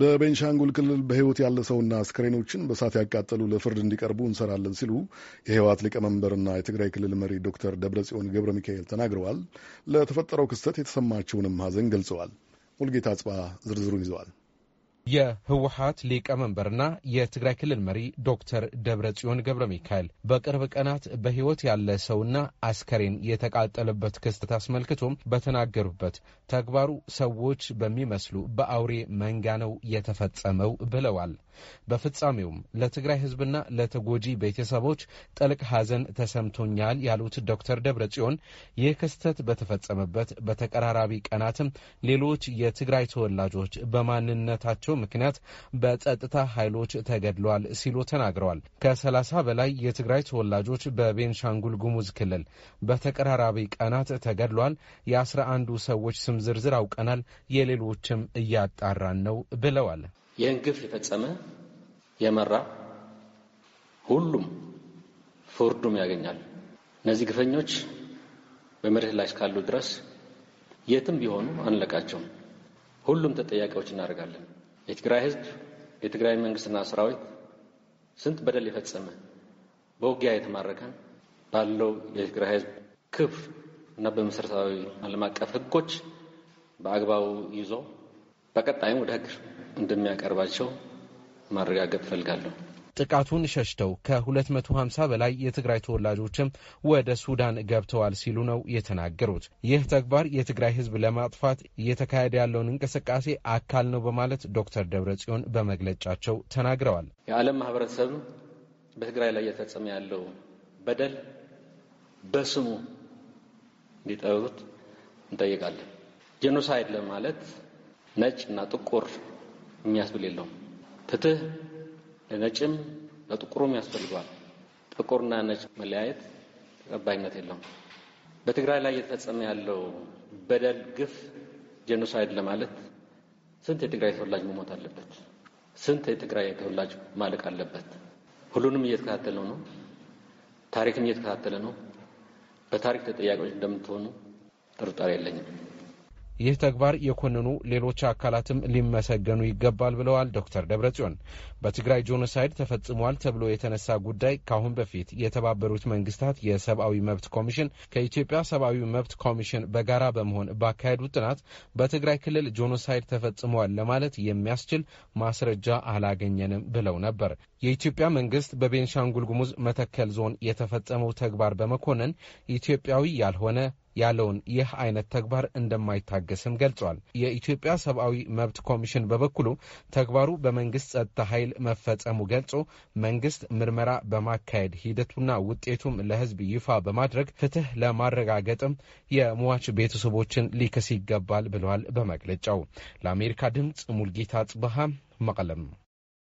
በቤንሻንጉል ክልል በህይወት ያለ ሰውና አስክሬኖችን በእሳት ያቃጠሉ ለፍርድ እንዲቀርቡ እንሰራለን ሲሉ የህወሓት ሊቀመንበርና የትግራይ ክልል መሪ ዶክተር ደብረጽዮን ገብረ ሚካኤል ተናግረዋል። ለተፈጠረው ክስተት የተሰማቸውንም ሀዘን ገልጸዋል። ሙልጌታ አጽባ ዝርዝሩን ይዘዋል። የህወሀት ሊቀመንበርና የትግራይ ክልል መሪ ዶክተር ደብረ ጽዮን ገብረ ሚካኤል በቅርብ ቀናት በህይወት ያለ ሰውና አስከሬን የተቃጠለበት ክስተት አስመልክቶም በተናገሩበት ተግባሩ ሰዎች በሚመስሉ በአውሬ መንጋ ነው የተፈጸመው ብለዋል። በፍጻሜውም ለትግራይ ህዝብና ለተጎጂ ቤተሰቦች ጥልቅ ሐዘን ተሰምቶኛል ያሉት ዶክተር ደብረ ጽዮን ይህ ክስተት በተፈጸመበት በተቀራራቢ ቀናትም ሌሎች የትግራይ ተወላጆች በማንነታቸው በመሆናቸው ምክንያት በጸጥታ ኃይሎች ተገድለዋል ሲሉ ተናግረዋል። ከሰላሳ በላይ የትግራይ ተወላጆች በቤንሻንጉል ጉሙዝ ክልል በተቀራራቢ ቀናት ተገድለዋል። የአስራ አንዱ ሰዎች ስም ዝርዝር አውቀናል፣ የሌሎችም እያጣራን ነው ብለዋል። ይህን ግፍ የፈጸመ የመራ ሁሉም ፍርዱም ያገኛል። እነዚህ ግፈኞች በመሬት ላይ እስካሉ ድረስ የትም ቢሆኑ አንለቃቸውም። ሁሉም ተጠያቂዎች እናደርጋለን። የትግራይ ህዝብ የትግራይ መንግስትና ሰራዊት ስንት በደል የፈጸመ በውጊያ የተማረከ ባለው የትግራይ ህዝብ ክፍ እና በመሰረታዊ ዓለም አቀፍ ህጎች በአግባቡ ይዞ በቀጣይም ወደ ህግ እንደሚያቀርባቸው ማረጋገጥ እፈልጋለሁ። ጥቃቱን ሸሽተው ከ250 በላይ የትግራይ ተወላጆችም ወደ ሱዳን ገብተዋል ሲሉ ነው የተናገሩት። ይህ ተግባር የትግራይ ህዝብ ለማጥፋት እየተካሄደ ያለውን እንቅስቃሴ አካል ነው በማለት ዶክተር ደብረጽዮን በመግለጫቸው ተናግረዋል። የዓለም ማህበረሰብ በትግራይ ላይ እየተፈጸመ ያለው በደል በስሙ እንዲጠሩት እንጠይቃለን። ጄኖሳይድ ለማለት ነጭ እና ጥቁር የሚያስብል የለውም። ፍትህ ለነጭም ለጥቁሩም ያስፈልገዋል። ጥቁርና ነጭ መለያየት ተቀባይነት የለውም። በትግራይ ላይ እየተፈጸመ ያለው በደል፣ ግፍ ጄኖሳይድ ለማለት ስንት የትግራይ ተወላጅ መሞት አለበት? ስንት የትግራይ ተወላጅ ማለቅ አለበት? ሁሉንም እየተከታተለ ነው። ታሪክም እየተከታተለ ነው። በታሪክ ተጠያቂዎች እንደምትሆኑ ጥርጣሬ የለኝም። ይህ ተግባር የኮነኑ ሌሎች አካላትም ሊመሰገኑ ይገባል ብለዋል ዶክተር ደብረጽዮን። በትግራይ ጄኖሳይድ ተፈጽሟል ተብሎ የተነሳ ጉዳይ ካሁን በፊት የተባበሩት መንግስታት የሰብአዊ መብት ኮሚሽን ከኢትዮጵያ ሰብአዊ መብት ኮሚሽን በጋራ በመሆን ባካሄዱት ጥናት በትግራይ ክልል ጄኖሳይድ ተፈጽመዋል ለማለት የሚያስችል ማስረጃ አላገኘንም ብለው ነበር። የኢትዮጵያ መንግስት በቤንሻንጉል ጉሙዝ መተከል ዞን የተፈጸመው ተግባር በመኮነን ኢትዮጵያዊ ያልሆነ ያለውን ይህ አይነት ተግባር እንደማይታገስም ገልጿል። የኢትዮጵያ ሰብአዊ መብት ኮሚሽን በበኩሉ ተግባሩ በመንግስት ጸጥታ ኃይል መፈጸሙ ገልጾ መንግስት ምርመራ በማካሄድ ሂደቱና ውጤቱም ለህዝብ ይፋ በማድረግ ፍትህ ለማረጋገጥም የሟች ቤተሰቦችን ሊከስ ይገባል ብለዋል። በመግለጫው ለአሜሪካ ድምፅ ሙልጌታ ጽበሃ መቀለም